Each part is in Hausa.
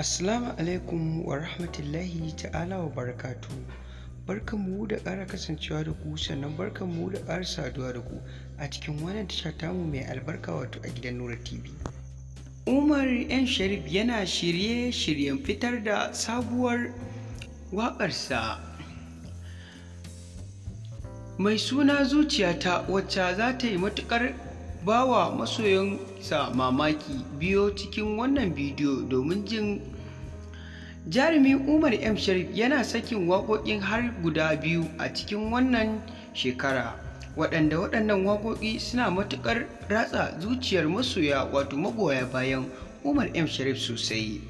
Assalamu alaikum wa rahmatullahi ta'ala wa barakatu. mu da ƙara kasancewa da ku sannan barkan mu da ƙara saduwa da ku a cikin wannan tasha tamu mai albarka wato a gidan Nura TV. Umar ‘yan Sharif yana shirye-shiryen fitar da sabuwar waƙarsa mai suna zuciyata wacce za ta yi matuƙar bawa masoyansa mamaki biyo cikin wannan bidiyo domin jin jarumi umar m sharif yana sakin waƙoƙin har guda biyu a cikin wannan shekara waɗanda waɗannan waƙoƙi suna matuƙar ratsa zuciyar masoya wato magoya bayan umar m sharif sosai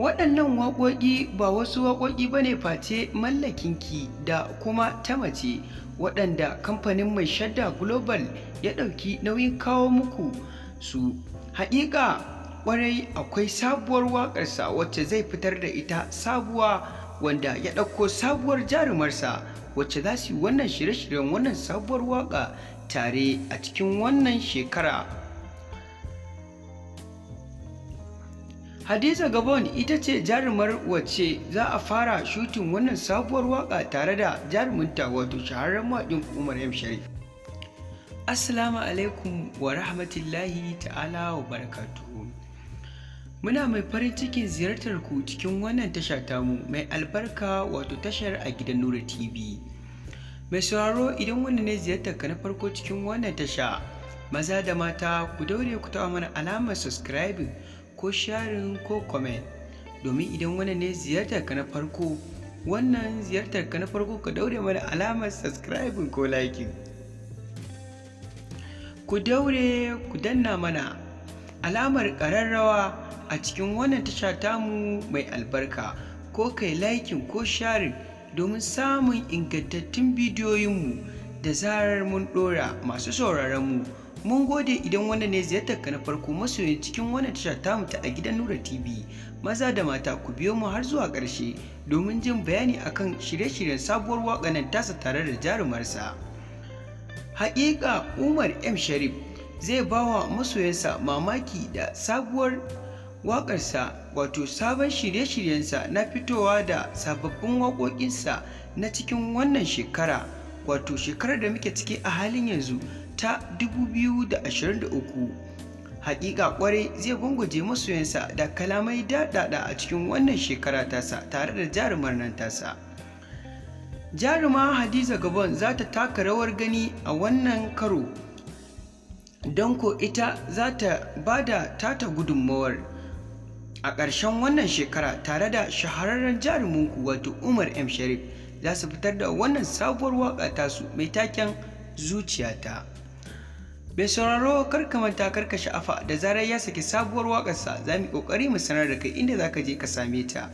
waɗannan waƙoƙi ba wasu waƙoƙi ba ne face mallakinki da kuma ta mace waɗanda kamfanin mai shadda global ya ɗauki nauyin kawo muku su haƙiƙa ƙwarai akwai sabuwar waƙarsa wacce zai fitar da ita sabuwa wanda ya ɗauko sabuwar jarumarsa wacce za su yi wannan shirye-shiryen wannan sabuwar waƙa tare a cikin wannan shekara Hadiza Gabon ita ce jarumar wacce za a fara shutin wannan sabuwar waka tare da jaruminta wato shaharar maɗin Umar M. Sharif. Assalamu alaikum wa rahmatullahi ta'ala wa barakatu Muna mai farin cikin ziyartar ku cikin wannan tasha tamu mai albarka wato tashar a gidan Nura TV. Mai sauraro idan wannan ne ziyartar ka na farko cikin wannan tasha maza da mata ku daure ku taɓa mana alamar subscribing ko sharin ko comment domin idan wannan ne ziyartar ka na farko wannan ziyartar ka na farko ka daure mana alamar subscribing ko liking ku daure ku danna mana alamar ƙararrawa a cikin wannan tasha tamu mai albarka ko kai liking ko sharing domin samun ingantattun bidiyoyinmu da zarar mun ɗora masu sauraronmu mu Mun gode idan wannan ne taka na farko masoyin cikin wannan tasha ta ta a gidan Nura TV. Maza da mata ku biyo mu har zuwa ƙarshe domin jin bayani akan shirye-shiryen sabuwar waƙa nan tasa tare da jarumarsa. Haƙiƙa Umar M Sharif zai ba wa masoyansa mamaki da sabuwar waƙarsa wato sabon shirye-shiryensa na fitowa da sababbin waƙoƙinsa na cikin wannan shekara wato shekarar da muke ciki a halin yanzu ta 2023 hakika kwarai zai gwangwaje masoyansa da kalamai daɗaɗa a cikin wannan shekara tasa tare da jarumar nan tasa jaruma hadiza gabon za ta taka rawar gani a wannan karo don ko ita za ta ba da tata gudunmawar a ƙarshen wannan shekara tare da shahararren jaruminku wato umar m sharif za su fitar da wannan sabuwar waƙa tasu mai taken zuciyata bai sauraro kar ka manta kar ka sha'afa da zarar ya saki sabuwar waƙarsa za mu ƙoƙari mu sanar da kai inda za ka je ka same ta